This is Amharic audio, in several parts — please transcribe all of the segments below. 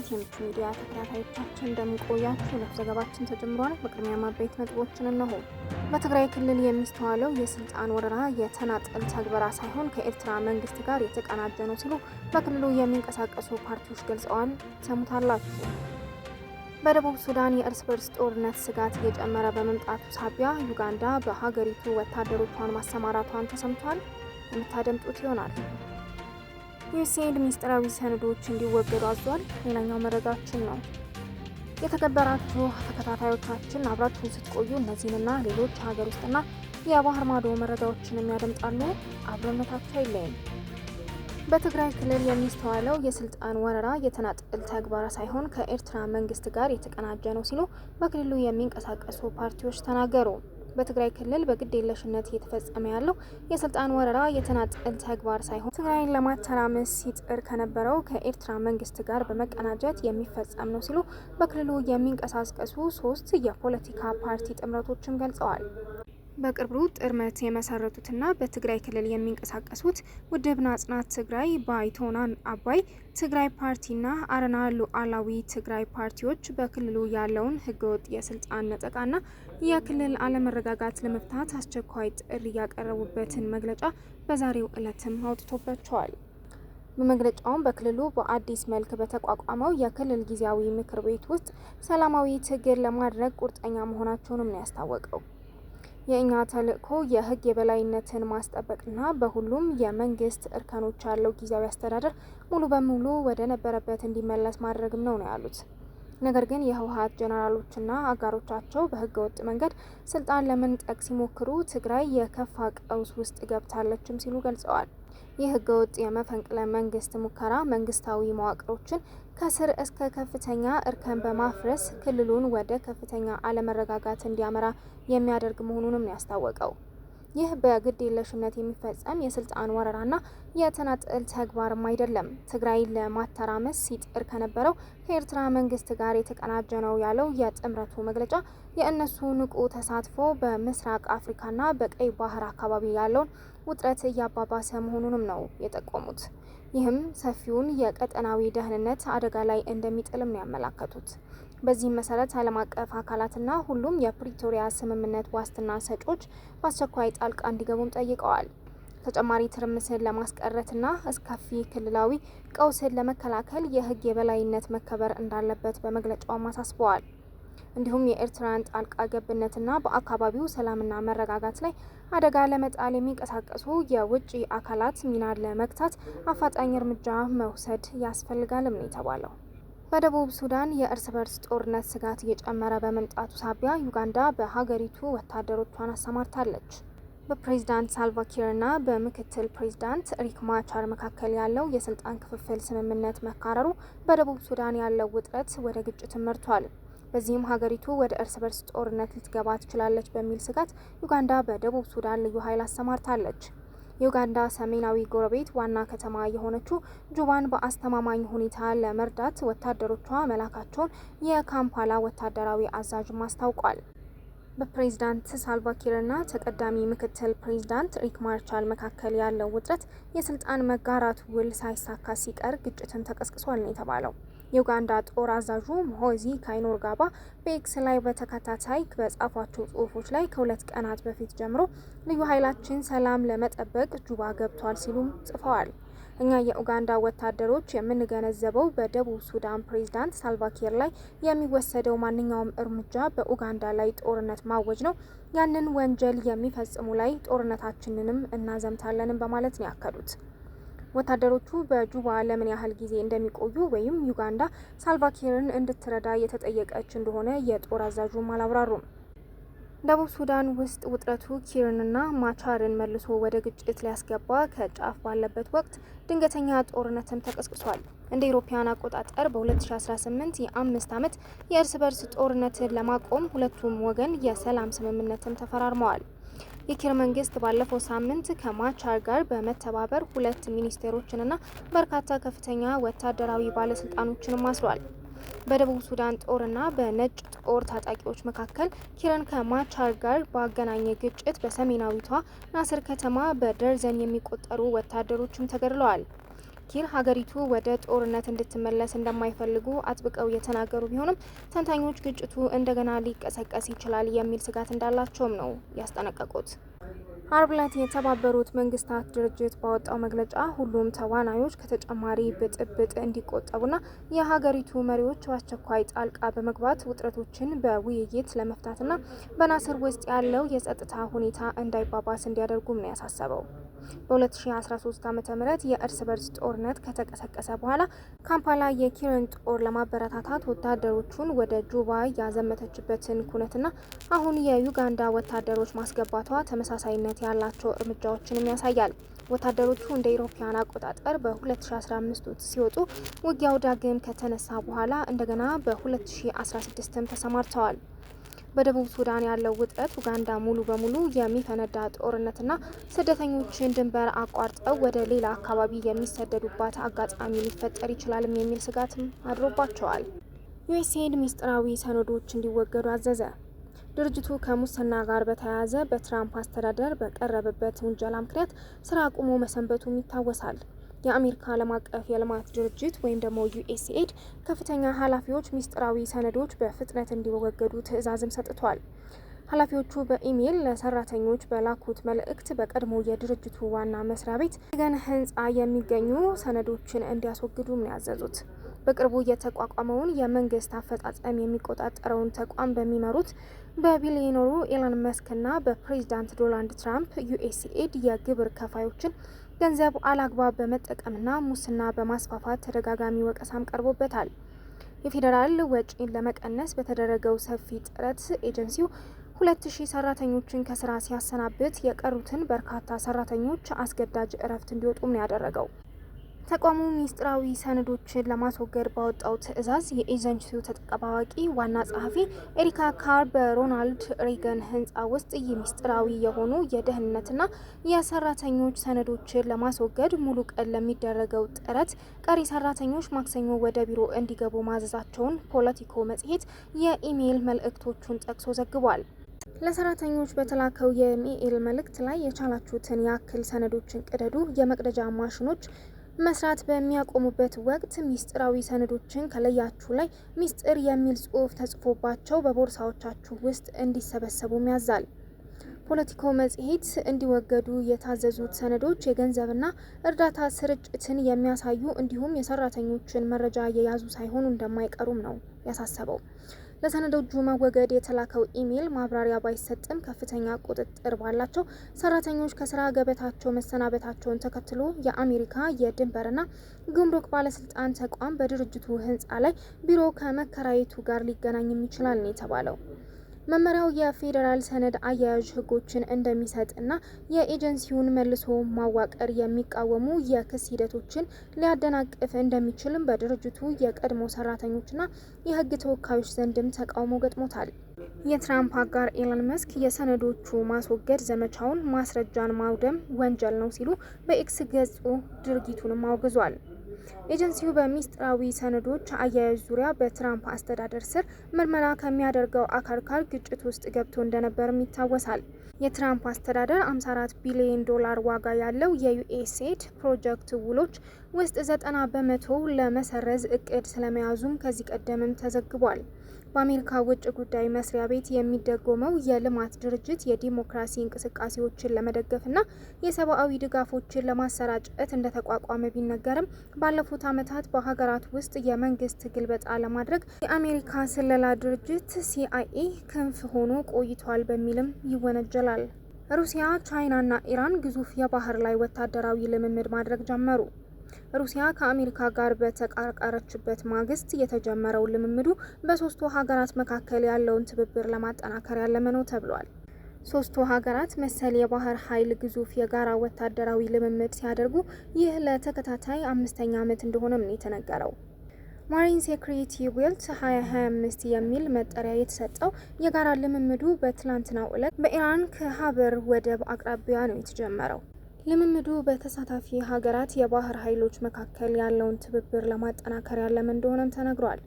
የተከታተላችሁት የምቹ ሚዲያ ተከታታዮቻችን እንደምቆያችሁ ነው። ዘገባችን ተጀምሯል። በቅድሚያ ማብሬት ነጥቦችን እነሆ። በትግራይ ክልል የሚስተዋለው የስልጣን ወረራ የተናጠል ተግበራ ሳይሆን ከኤርትራ መንግስት ጋር የተቀናጀ ነው ሲሉ በክልሉ የሚንቀሳቀሱ ፓርቲዎች ገልጸዋል። ሰሙታላችሁ። በደቡብ ሱዳን የእርስ በርስ ጦርነት ስጋት እየጨመረ በመምጣቱ ሳቢያ ዩጋንዳ በሀገሪቱ ወታደሮቿን ማሰማራቷን ተሰምቷል። የምታደምጡት ይሆናል። ዩኤስኤድ ሚስጥራዊ ሰነዶች እንዲወገዱ አዟል። ሌላኛው መረጃችን ነው። የተከበራችሁ ተከታታዮቻችን አብራችሁን ስትቆዩ እነዚህንና ሌሎች ሀገር ውስጥና የባህር ማዶ መረጃዎችን የሚያደምጣሉ። አብረነታቸው አይለይም። በትግራይ ክልል የሚስተዋለው የስልጣን ወረራ የተናጥል ተግባር ሳይሆን ከኤርትራ መንግስት ጋር የተቀናጀ ነው ሲሉ በክልሉ የሚንቀሳቀሱ ፓርቲዎች ተናገሩ። በትግራይ ክልል በግድ የለሽነት እየተፈጸመ ያለው የስልጣን ወረራ የተናጠል ተግባር ሳይሆን ትግራይን ለማተራመስ ሲጥር ከነበረው ከኤርትራ መንግስት ጋር በመቀናጀት የሚፈጸም ነው ሲሉ በክልሉ የሚንቀሳቀሱ ሶስት የፖለቲካ ፓርቲ ጥምረቶችም ገልጸዋል። በቅርቡ ጥርመት የመሰረቱትና በትግራይ ክልል የሚንቀሳቀሱት ውድብ ጽናት ትግራይ ባይቶናን አባይ ትግራይ ፓርቲና አረና ሉዓላዊ ትግራይ ፓርቲዎች በክልሉ ያለውን ህገወጥ የስልጣን ነጠቃና የክልል አለመረጋጋት ለመፍታት አስቸኳይ ጥሪ ያቀረቡበትን መግለጫ በዛሬው ዕለትም አውጥቶባቸዋል። በመግለጫውም በክልሉ በአዲስ መልክ በተቋቋመው የክልል ጊዜያዊ ምክር ቤት ውስጥ ሰላማዊ ትግል ለማድረግ ቁርጠኛ መሆናቸውንም ነው ያስታወቀው። የእኛ ተልእኮ የህግ የበላይነትን ማስጠበቅና በሁሉም የመንግስት እርከኖች ያለው ጊዜያዊ አስተዳደር ሙሉ በሙሉ ወደ ነበረበት እንዲመለስ ማድረግም ነው ነው ያሉት። ነገር ግን የህወሀት ጀነራሎችና አጋሮቻቸው በህገወጥ መንገድ ስልጣን ለመንጠቅ ሲሞክሩ ትግራይ የከፋ ቀውስ ውስጥ ገብታለችም ሲሉ ገልጸዋል። ይህ ህገወጥ የመፈንቅለ መንግስት ሙከራ መንግስታዊ መዋቅሮችን ከስር እስከ ከፍተኛ እርከን በማፍረስ ክልሉን ወደ ከፍተኛ አለመረጋጋት እንዲያመራ የሚያደርግ መሆኑንም ያስታወቀው። ይህ በግዴለሽነት የሚፈጸም የስልጣን ወረራና የተናጥል ተግባርም አይደለም። ትግራይ ለማተራመስ ሲጥር ከነበረው ከኤርትራ መንግስት ጋር የተቀናጀ ነው ያለው የጥምረቱ መግለጫ የእነሱ ንቁ ተሳትፎ በምስራቅ አፍሪካና በቀይ ባህር አካባቢ ያለውን ውጥረት እያባባሰ መሆኑንም ነው የጠቆሙት። ይህም ሰፊውን የቀጠናዊ ደህንነት አደጋ ላይ እንደሚጥልም ነው ያመላከቱት። በዚህም መሰረት ዓለም አቀፍ አካላትና ሁሉም የፕሪቶሪያ ስምምነት ዋስትና ሰጮች በአስቸኳይ ጣልቃ እንዲገቡም ጠይቀዋል። ተጨማሪ ትርምስን ለማስቀረትና አስከፊ ክልላዊ ቀውስን ለመከላከል የህግ የበላይነት መከበር እንዳለበት በመግለጫውም አሳስበዋል። እንዲሁም የኤርትራን ጣልቃ ገብነትና በአካባቢው ሰላምና መረጋጋት ላይ አደጋ ለመጣል የሚንቀሳቀሱ የውጭ አካላት ሚና ለመግታት አፋጣኝ እርምጃ መውሰድ ያስፈልጋልም ነው የተባለው። በደቡብ ሱዳን የእርስ በርስ ጦርነት ስጋት እየጨመረ በመምጣቱ ሳቢያ ዩጋንዳ በሀገሪቱ ወታደሮቿን አሰማርታለች። በፕሬዝዳንት ሳልቫኪርና በምክትል ፕሬዝዳንት ሪክ ማቻር መካከል ያለው የስልጣን ክፍፍል ስምምነት መካረሩ በደቡብ ሱዳን ያለው ውጥረት ወደ ግጭት መርቷል። በዚህም ሀገሪቱ ወደ እርስ በርስ ጦርነት ልትገባ ትችላለች በሚል ስጋት ዩጋንዳ በደቡብ ሱዳን ልዩ ኃይል አሰማርታለች። የዩጋንዳ ሰሜናዊ ጎረቤት ዋና ከተማ የሆነችው ጁባን በአስተማማኝ ሁኔታ ለመርዳት ወታደሮቿ መላካቸውን የካምፓላ ወታደራዊ አዛዥም አስታውቋል። በፕሬዝዳንት ሳልቫኪርና ተቀዳሚ ምክትል ፕሬዝዳንት ሪክ ማርቻል መካከል ያለው ውጥረት የስልጣን መጋራት ውል ሳይሳካ ሲቀር ግጭትን ተቀስቅሷል ነው የተባለው። የኡጋንዳ ጦር አዛዡ ሞሆዚ ካይኖርጋባ በኤክስ ላይ በተከታታይ በጻፏቸው ጽሁፎች ላይ ከሁለት ቀናት በፊት ጀምሮ ልዩ ኃይላችን ሰላም ለመጠበቅ ጁባ ገብቷል ሲሉም ጽፈዋል። እኛ የኡጋንዳ ወታደሮች የምንገነዘበው በደቡብ ሱዳን ፕሬዝዳንት ሳልቫኪር ላይ የሚወሰደው ማንኛውም እርምጃ በኡጋንዳ ላይ ጦርነት ማወጅ ነው። ያንን ወንጀል የሚፈጽሙ ላይ ጦርነታችንንም እናዘምታለንም በማለት ነው ያከሉት። ወታደሮቹ በጁባ ለምን ያህል ጊዜ እንደሚቆዩ ወይም ዩጋንዳ ሳልቫኪርን እንድትረዳ የተጠየቀች እንደሆነ የጦር አዛዡም አላብራሩም። ደቡብ ሱዳን ውስጥ ውጥረቱ ኪርንና ማቻርን መልሶ ወደ ግጭት ሊያስገባ ከጫፍ ባለበት ወቅት ድንገተኛ ጦርነትም ተቀስቅሷል። እንደ ኢሮፓያን አቆጣጠር በ2018 የአምስት ዓመት የእርስ በርስ ጦርነትን ለማቆም ሁለቱም ወገን የሰላም ስምምነትም ተፈራርመዋል። የኪር መንግስት ባለፈው ሳምንት ከማቻር ጋር በመተባበር ሁለት ሚኒስቴሮችንና በርካታ ከፍተኛ ወታደራዊ ባለስልጣኖችንም አስሯል። በደቡብ ሱዳን ጦርና በነጭ ጦር ታጣቂዎች መካከል ኪረን ከማቻር ጋር ባገናኘ ግጭት በሰሜናዊቷ ናስር ከተማ በደርዘን የሚቆጠሩ ወታደሮችም ተገድለዋል። ኪር ሀገሪቱ ወደ ጦርነት እንድትመለስ እንደማይፈልጉ አጥብቀው የተናገሩ ቢሆንም ተንታኞች ግጭቱ እንደገና ሊቀሰቀስ ይችላል የሚል ስጋት እንዳላቸውም ነው ያስጠነቀቁት። አርብ ዕለት የተባበሩት መንግስታት ድርጅት ባወጣው መግለጫ ሁሉም ተዋናዮች ከተጨማሪ ብጥብጥ እንዲቆጠቡና የሀገሪቱ መሪዎች በአስቸኳይ ጣልቃ በመግባት ውጥረቶችን በውይይት ለመፍታትና በናስር ውስጥ ያለው የጸጥታ ሁኔታ እንዳይባባስ እንዲያደርጉም ነው ያሳሰበው። በ2013 ዓ ም የእርስ በርስ ጦርነት ከተቀሰቀሰ በኋላ ካምፓላ የኪረን ጦር ለማበረታታት ወታደሮቹን ወደ ጁባ ያዘመተችበትን ኩነትና አሁን የዩጋንዳ ወታደሮች ማስገባቷ ተመሳሳይነት ያላቸው እርምጃዎችንም ያሳያል። ወታደሮቹ እንደ ኢሮፓያን አቆጣጠር በ2015 ሲወጡ ውጊያው ዳግም ከተነሳ በኋላ እንደገና በ2016ም ተሰማርተዋል። በደቡብ ሱዳን ያለው ውጥረት ኡጋንዳ ሙሉ በሙሉ የሚፈነዳ ጦርነትና ስደተኞችን ድንበር አቋርጠው ወደ ሌላ አካባቢ የሚሰደዱባት አጋጣሚ ሊፈጠር ይችላልም የሚል ስጋትም አድሮባቸዋል። ዩኤስኤድ ሚስጥራዊ ሰነዶች እንዲወገዱ አዘዘ። ድርጅቱ ከሙስና ጋር በተያያዘ በትራምፕ አስተዳደር በቀረበበት ውንጀላ ምክንያት ስራ አቁሞ መሰንበቱም ይታወሳል። የአሜሪካ ዓለም አቀፍ የልማት ድርጅት ወይም ደግሞ ዩኤስኤድ ከፍተኛ ኃላፊዎች ሚስጥራዊ ሰነዶች በፍጥነት እንዲወገዱ ትዕዛዝም ሰጥቷል። ኃላፊዎቹ በኢሜይል ለሰራተኞች በላኩት መልእክት በቀድሞ የድርጅቱ ዋና መስሪያ ቤት ገን ህንፃ የሚገኙ ሰነዶችን እንዲያስወግዱም ነው ያዘዙት። በቅርቡ የተቋቋመውን የመንግስት አፈጻጸም የሚቆጣጠረውን ተቋም በሚመሩት በቢሊዮነሩ ኤሎን መስክና በፕሬዚዳንት ዶናልድ ትራምፕ ዩኤስኤድ የግብር ከፋዮችን ገንዘብ አላግባብ በመጠቀምና ሙስና በማስፋፋት ተደጋጋሚ ወቀሳም ቀርቦበታል። የፌዴራል ወጪን ለመቀነስ በተደረገው ሰፊ ጥረት ኤጀንሲው ሁለት ሺህ ሰራተኞችን ከስራ ሲያሰናብት የቀሩትን በርካታ ሰራተኞች አስገዳጅ እረፍት እንዲወጡም ነው ያደረገው። ተቋሙ ሚስጥራዊ ሰነዶችን ለማስወገድ ባወጣው ትዕዛዝ የኤጀንሲው ተጠባባቂ ዋና ጸሐፊ ኤሪካ ካር በሮናልድ ሬገን ህንፃ ውስጥ የሚስጥራዊ የሆኑ የደህንነትና የሰራተኞች ሰነዶችን ለማስወገድ ሙሉ ቀን ለሚደረገው ጥረት ቀሪ ሰራተኞች ማክሰኞ ወደ ቢሮ እንዲገቡ ማዘዛቸውን ፖለቲኮ መጽሔት የኢሜይል መልእክቶቹን ጠቅሶ ዘግቧል። ለሰራተኞች በተላከው የኢሜይል መልእክት ላይ የቻላችሁትን ያክል ሰነዶችን ቅደዱ፣ የመቅደጃ ማሽኖች መስራት በሚያቆሙበት ወቅት ሚስጥራዊ ሰነዶችን ከለያችሁ ላይ ሚስጥር የሚል ጽሁፍ ተጽፎባቸው በቦርሳዎቻችሁ ውስጥ እንዲሰበሰቡም ያዛል። ፖለቲኮ መጽሔት እንዲወገዱ የታዘዙት ሰነዶች የገንዘብና እርዳታ ስርጭትን የሚያሳዩ እንዲሁም የሰራተኞችን መረጃ የያዙ ሳይሆኑ እንደማይቀሩም ነው ያሳሰበው። ለሰነዶቹ መወገድ የተላከው ኢሜይል ማብራሪያ ባይሰጥም ከፍተኛ ቁጥጥር ባላቸው ሰራተኞች ከስራ ገበታቸው መሰናበታቸውን ተከትሎ የአሜሪካ የድንበርና ጉምሩክ ባለስልጣን ተቋም በድርጅቱ ህንፃ ላይ ቢሮ ከመከራየቱ ጋር ሊገናኝም ይችላል ነው የተባለው። መመሪያው የፌዴራል ሰነድ አያያዥ ህጎችን እንደሚሰጥና የኤጀንሲውን መልሶ ማዋቀር የሚቃወሙ የክስ ሂደቶችን ሊያደናቅፍ እንደሚችልም በድርጅቱ የቀድሞ ሰራተኞችና የህግ ተወካዮች ዘንድም ተቃውሞ ገጥሞታል። የትራምፕ አጋር ኤለን መስክ የሰነዶቹ ማስወገድ ዘመቻውን ማስረጃን ማውደም ወንጀል ነው ሲሉ በኤክስ ገጹ ድርጊቱንም አውግዟል። ኤጀንሲው በሚስጥራዊ ሰነዶች አያያዝ ዙሪያ በትራምፕ አስተዳደር ስር ምርመራ ከሚያደርገው አካል ጋር ግጭት ውስጥ ገብቶ እንደነበርም ይታወሳል። የትራምፕ አስተዳደር 54 ቢሊዮን ዶላር ዋጋ ያለው የዩኤስኤድ ፕሮጀክት ውሎች ውስጥ ዘጠና በመቶ ለመሰረዝ እቅድ ስለመያዙም ከዚህ ቀደምም ተዘግቧል። በአሜሪካ ውጭ ጉዳይ መስሪያ ቤት የሚደጎመው የልማት ድርጅት የዲሞክራሲ እንቅስቃሴዎችን ለመደገፍና የሰብአዊ ድጋፎችን ለማሰራጨት እንደተቋቋመ ቢነገርም ባለፉት ዓመታት በሀገራት ውስጥ የመንግስት ግልበጣ ለማድረግ የአሜሪካ ስለላ ድርጅት ሲአይኤ ክንፍ ሆኖ ቆይቷል በሚልም ይወነጀላል። ሩሲያ፣ ቻይናና ኢራን ግዙፍ የባህር ላይ ወታደራዊ ልምምድ ማድረግ ጀመሩ። ሩሲያ ከአሜሪካ ጋር በተቃረቃረችበት ማግስት የተጀመረው ልምምዱ በሶስቱ ሀገራት መካከል ያለውን ትብብር ለማጠናከር ያለመ ነው ተብሏል። ሶስቱ ሀገራት መሰል የባህር ኃይል ግዙፍ የጋራ ወታደራዊ ልምምድ ሲያደርጉ ይህ ለተከታታይ አምስተኛ ዓመት እንደሆነም ነው የተነገረው። ማሪን ሴኩሪቲ ዊልት 2025 የሚል መጠሪያ የተሰጠው የጋራ ልምምዱ በትላንትናው ዕለት በኢራን ከሀበር ወደብ አቅራቢያ ነው የተጀመረው። ልምምዱ በተሳታፊ ሀገራት የባህር ኃይሎች መካከል ያለውን ትብብር ለማጠናከር ያለመ እንደሆነም ተነግሯል።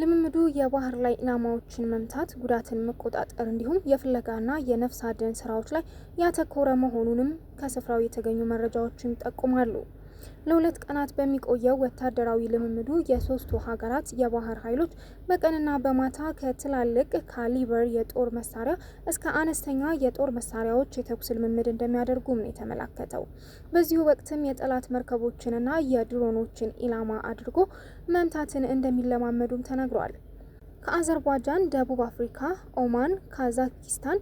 ልምምዱ የባህር ላይ ኢላማዎችን መምታት፣ ጉዳትን መቆጣጠር እንዲሁም የፍለጋና የነፍስ አድን ስራዎች ላይ ያተኮረ መሆኑንም ከስፍራው የተገኙ መረጃዎችን ይጠቁማሉ። ለሁለት ቀናት በሚቆየው ወታደራዊ ልምምዱ የሶስቱ ሀገራት የባህር ኃይሎች በቀንና በማታ ከትላልቅ ካሊበር የጦር መሳሪያ እስከ አነስተኛ የጦር መሳሪያዎች የተኩስ ልምምድ እንደሚያደርጉም ነው የተመላከተው። በዚሁ ወቅትም የጠላት መርከቦችንና የድሮኖችን ኢላማ አድርጎ መምታትን እንደሚለማመዱም ተነግሯል። ከአዘርባጃን፣ ደቡብ አፍሪካ፣ ኦማን፣ ካዛኪስታን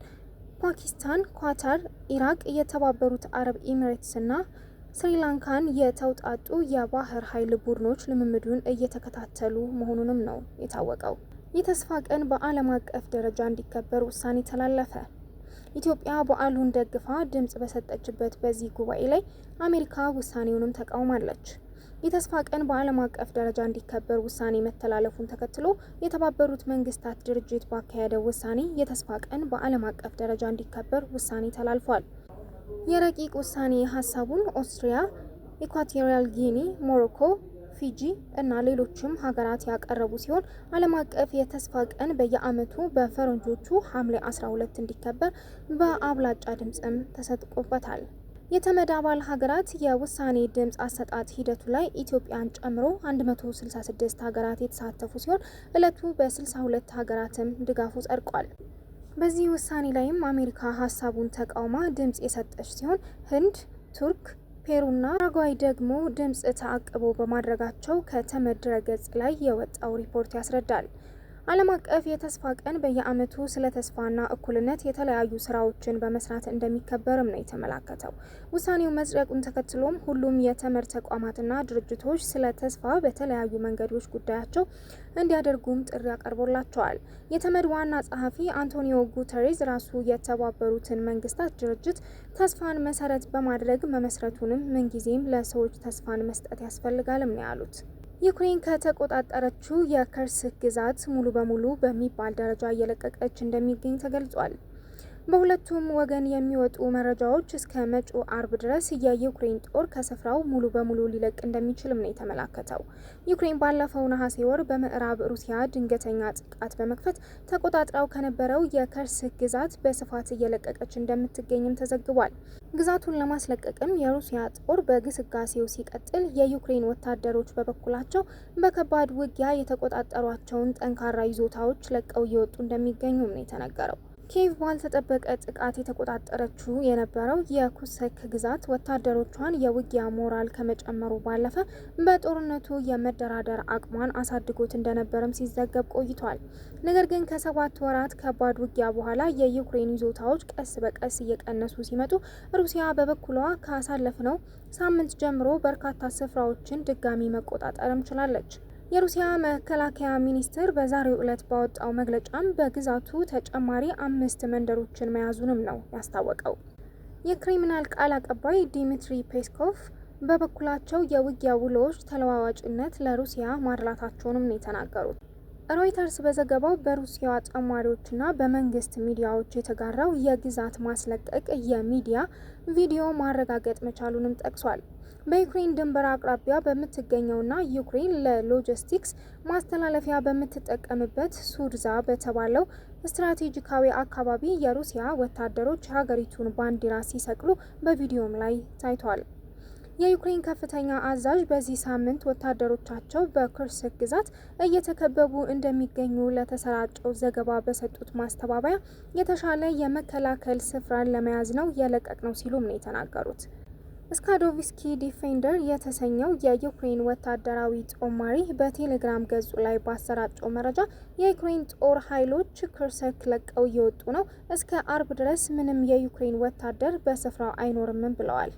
ፓኪስታን፣ ኳታር፣ ኢራቅ፣ የተባበሩት አረብ ኤሚሬትስና ስሪላንካን የተውጣጡ የባህር ኃይል ቡድኖች ልምምዱን እየተከታተሉ መሆኑንም ነው የታወቀው። የተስፋ ቀን በዓለም አቀፍ ደረጃ እንዲከበር ውሳኔ ተላለፈ። ኢትዮጵያ በዓሉን ደግፋ ድምፅ በሰጠችበት በዚህ ጉባኤ ላይ አሜሪካ ውሳኔውንም ተቃውማለች። የተስፋ ቀን በዓለም አቀፍ ደረጃ እንዲከበር ውሳኔ መተላለፉን ተከትሎ የተባበሩት መንግስታት ድርጅት ባካሄደው ውሳኔ የተስፋ ቀን በዓለም አቀፍ ደረጃ እንዲከበር ውሳኔ ተላልፏል። የረቂቅ ውሳኔ ሀሳቡን ኦስትሪያ፣ ኢኳቶሪያል ጊኒ፣ ሞሮኮ ፊጂ እና ሌሎችም ሀገራት ያቀረቡ ሲሆን ዓለም አቀፍ የተስፋ ቀን በየዓመቱ በፈረንጆቹ ሐምሌ 12 እንዲከበር በአብላጫ ድምፅም ተሰጥቆበታል። የተመድ አባል ሀገራት የውሳኔ ድምፅ አሰጣጥ ሂደቱ ላይ ኢትዮጵያን ጨምሮ 166 ሀገራት የተሳተፉ ሲሆን እለቱ በ62 ሀገራትም ድጋፉ ጸድቋል። በዚህ ውሳኔ ላይም አሜሪካ ሀሳቡን ተቃውማ ድምጽ የሰጠች ሲሆን ህንድ፣ ቱርክ፣ ፔሩና ፓራጓይ ደግሞ ድምጽ ተአቅቦ በማድረጋቸው ከተመድረ ገጽ ላይ የወጣው ሪፖርት ያስረዳል። ዓለም አቀፍ የተስፋ ቀን በየዓመቱ ስለ ተስፋና እኩልነት የተለያዩ ስራዎችን በመስራት እንደሚከበርም ነው የተመላከተው። ውሳኔው መጽደቁን ተከትሎም ሁሉም የትምህርት ተቋማትና ድርጅቶች ስለ ተስፋ በተለያዩ መንገዶች ጉዳያቸው እንዲያደርጉም ጥሪ አቀርቦላቸዋል። የተመድ ዋና ጸሐፊ አንቶኒዮ ጉተሬዝ ራሱ የተባበሩትን መንግስታት ድርጅት ተስፋን መሰረት በማድረግ መመስረቱንም ምንጊዜም ለሰዎች ተስፋን መስጠት ያስፈልጋልም ነው ያሉት። ዩክሬን ከተቆጣጠረችው የከርስ ግዛት ሙሉ በሙሉ በሚባል ደረጃ እየለቀቀች እንደሚገኝ ተገልጿል። በሁለቱም ወገን የሚወጡ መረጃዎች እስከ መጪው አርብ ድረስ የዩክሬን ጦር ከስፍራው ሙሉ በሙሉ ሊለቅ እንደሚችልም ነው የተመላከተው። ዩክሬን ባለፈው ነሐሴ ወር በምዕራብ ሩሲያ ድንገተኛ ጥቃት በመክፈት ተቆጣጥራው ከነበረው የከርስ ግዛት በስፋት እየለቀቀች እንደምትገኝም ተዘግቧል። ግዛቱን ለማስለቀቅም የሩሲያ ጦር በግስጋሴው ሲቀጥል፣ የዩክሬን ወታደሮች በበኩላቸው በከባድ ውጊያ የተቆጣጠሯቸውን ጠንካራ ይዞታዎች ለቀው እየወጡ እንደሚገኙም ነው የተነገረው። ኬቭ ባልተጠበቀ ጥቃት የተቆጣጠረችው የነበረው የኩሰክ ግዛት ወታደሮቿን የውጊያ ሞራል ከመጨመሩ ባለፈ በጦርነቱ የመደራደር አቅሟን አሳድጎት እንደነበረም ሲዘገብ ቆይቷል። ነገር ግን ከሰባት ወራት ከባድ ውጊያ በኋላ የዩክሬን ይዞታዎች ቀስ በቀስ እየቀነሱ ሲመጡ፣ ሩሲያ በበኩሏ ካሳለፍነው ሳምንት ጀምሮ በርካታ ስፍራዎችን ድጋሚ መቆጣጠርም ችላለች። የሩሲያ መከላከያ ሚኒስቴር በዛሬው ዕለት ባወጣው መግለጫም በግዛቱ ተጨማሪ አምስት መንደሮችን መያዙንም ነው ያስታወቀው። የክሪሚናል ቃል አቀባይ ዲሚትሪ ፔስኮቭ በበኩላቸው የውጊያ ውሎዎች ተለዋዋጭነት ለሩሲያ ማድላታቸውንም ነው የተናገሩት። ሮይተርስ በዘገባው በሩሲያ ጨማሪዎችና በመንግስት ሚዲያዎች የተጋራው የግዛት ማስለቀቅ የሚዲያ ቪዲዮ ማረጋገጥ መቻሉንም ጠቅሷል። በዩክሬን ድንበር አቅራቢያ በምትገኘውና ዩክሬን ለሎጂስቲክስ ማስተላለፊያ በምትጠቀምበት ሱድዛ በተባለው ስትራቴጂካዊ አካባቢ የሩሲያ ወታደሮች ሀገሪቱን ባንዲራ ሲሰቅሉ በቪዲዮም ላይ ታይቷል። የዩክሬን ከፍተኛ አዛዥ በዚህ ሳምንት ወታደሮቻቸው በክርስክ ግዛት እየተከበቡ እንደሚገኙ ለተሰራጨው ዘገባ በሰጡት ማስተባበያ የተሻለ የመከላከል ስፍራን ለመያዝ ነው የለቀቅ ነው ሲሉም ነው የተናገሩት። ስካዶቭስኪ ዲፌንደር የተሰኘው የዩክሬን ወታደራዊ ጦማሪ በቴሌግራም ገጹ ላይ ባሰራጨው መረጃ የዩክሬን ጦር ኃይሎች ክርሰክ ለቀው እየወጡ ነው፣ እስከ አርብ ድረስ ምንም የዩክሬን ወታደር በስፍራው አይኖርምም ብለዋል።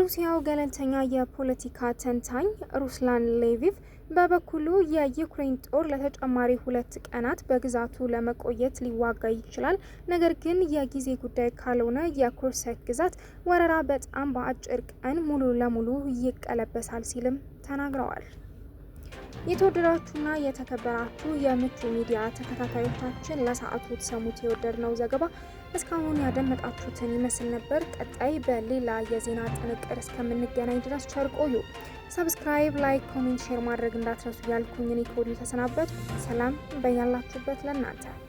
ሩሲያው ገለልተኛ የፖለቲካ ተንታኝ ሩስላን ሌቪቭ በበኩሉ የዩክሬን ጦር ለተጨማሪ ሁለት ቀናት በግዛቱ ለመቆየት ሊዋጋ ይችላል፣ ነገር ግን የጊዜ ጉዳይ ካልሆነ የኮርሰክ ግዛት ወረራ በጣም በአጭር ቀን ሙሉ ለሙሉ ይቀለበሳል ሲልም ተናግረዋል። የተወደዳችሁና የተከበራችሁ የምቹ ሚዲያ ተከታታዮቻችን ለሰዓቱ የተሰሙት የወደድነው ዘገባ እስካሁን ያደመጣችሁትን ይመስል ነበር። ቀጣይ በሌላ የዜና ጥንቅር እስከምንገናኝ ድረስ ቸር ቆዩ። ሰብስክራይብ፣ ላይክ፣ ኮሜንት፣ ሼር ማድረግ እንዳትረሱ ያልኩኝ እኔ ከወዲሁ ሰላም በያላችሁበት ለእናንተ